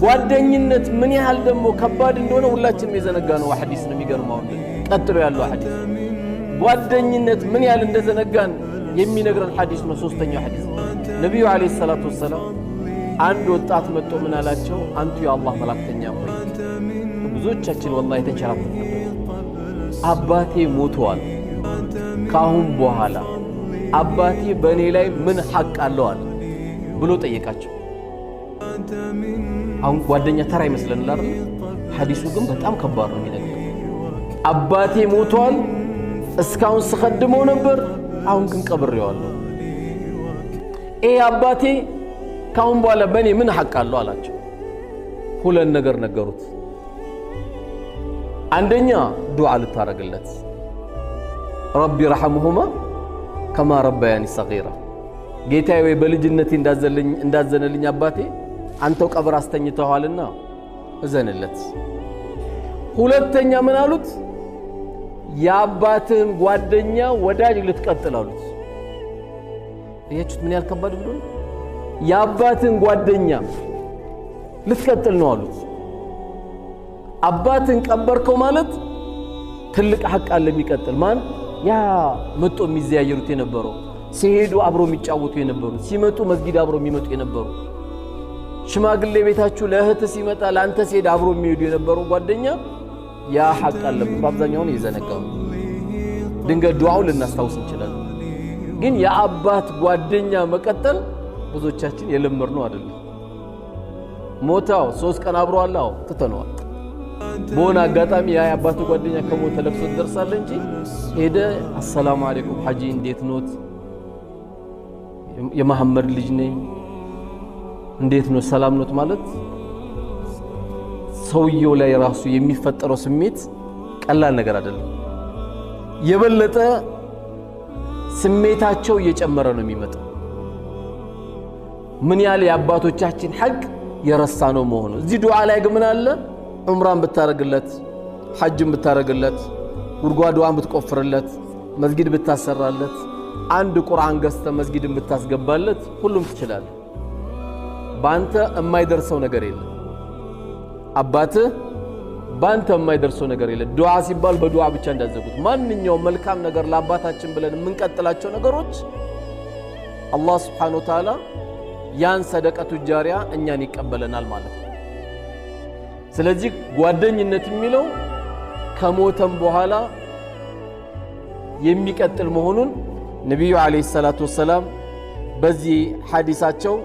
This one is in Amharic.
ጓደኝነት ምን ያህል ደግሞ ከባድ እንደሆነ ሁላችንም የዘነጋ ነው። ሐዲስ ነው የሚገርመው። ቀጥሎ ያለው ሐዲስ ጓደኝነት ምን ያህል እንደዘነጋን የሚነግረን ሐዲስ ነው። ሶስተኛው ሐዲስ ነቢዩ ዓለይሂ ሰላቱ ወሰላም አንድ ወጣት መጥቶ ምን አላቸው? አንቱ የአላህ መላክተኛ ሆይ ብዙዎቻችን ወላሂ የተንሸራተት አባቴ ሞተዋል። ካሁን በኋላ አባቴ በእኔ ላይ ምን ሐቅ አለዋል ብሎ ጠየቃቸው። አሁን ጓደኛ ተራ ይመስለን አይደል? ሐዲሱ ግን በጣም ከባድ ነው የሚለው አባቴ ሞቷል፣ እስካሁን ስኸድመው ነበር፣ አሁን ግን ቀብሬዋለሁ። ይህ አባቴ ካሁን በኋላ በእኔ ምን ሐቅ አለው አላቸው። ሁለት ነገር ነገሩት። አንደኛ ዱዓ ልታረግለት ረቢ ረሐምሁማ ከማ ረባያኒ ሰጊራ፣ ጌታዬ ወይ በልጅነቴ እንዳዘነልኝ አባቴ አንተው ቀብር አስተኝተዋልና እዘንለት። ሁለተኛ ምን አሉት? የአባትህን ጓደኛ ወዳጅ ልትቀጥል አሉት። እያችሁት ምን ያህል ከባድ እንደሆነ የአባትን ጓደኛ ልትቀጥል ነው አሉት። አባትን ቀበርከው ማለት ትልቅ ሐቅ አለ የሚቀጥል ማን ያ መጦ የሚዘያየሩት የነበረው ሲሄዱ አብሮ የሚጫወቱ የነበሩ ሲመጡ መስጊድ አብሮ የሚመጡ የነበሩ ሽማግሌ ቤታችሁ ለእህት ሲመጣ ለአንተ ሲሄድ አብሮ የሚሄዱ የነበሩ ጓደኛ ያ ሐቅ አለበት። በአብዛኛውን የዘነጋው ድንገት ዱዓው ልናስታውስ እንችላለን። ግን የአባት ጓደኛ መቀጠል ብዙዎቻችን ነው አይደለም። ሞታው ሶስት ቀን አብሮ አለ። ትተነዋል። በሆነ አጋጣሚ ያ የአባት ጓደኛ ከሞተ ለብሶ ትደርሳለ እንጂ ሄደ አሰላሙ አለይኩም ሐጂ እንዴት ኖት የመሐመድ ልጅ ነኝ እንዴት ነው ሰላም ኖት ማለት ሰውየው ላይ ራሱ የሚፈጠረው ስሜት ቀላል ነገር አይደለም። የበለጠ ስሜታቸው እየጨመረ ነው የሚመጣው። ምን ያህል የአባቶቻችን ሐቅ የረሳ ነው መሆኑ። እዚህ ዱዓ ላይ ግን ምን አለ? ዑምራን ብታረግለት፣ ሐጅን ብታረግለት፣ ጉድጓድዋን ብትቆፍርለት፣ መስጊድ ብታሰራለት፣ አንድ ቁርአን ገዝተ መስጊድን ብታስገባለት፣ ሁሉም ትችላለህ። ባንተ የማይደርሰው ነገር የለ አባትህ ባንተ የማይደርሰው ነገር የለ ዱዓ ሲባል በዱዓ ብቻ እንዳዘጉት ማንኛውም መልካም ነገር ለአባታችን ብለን የምንቀጥላቸው ነገሮች አላህ ስብሓነ ወተዓላ ያን ሰደቀቱ ጃሪያ እኛን ይቀበለናል ማለት ነው። ስለዚህ ጓደኝነት የሚለው ከሞተም በኋላ የሚቀጥል መሆኑን ነቢዩ ዓለይሂ ሰላቱ ወሰላም በዚህ ሐዲሳቸው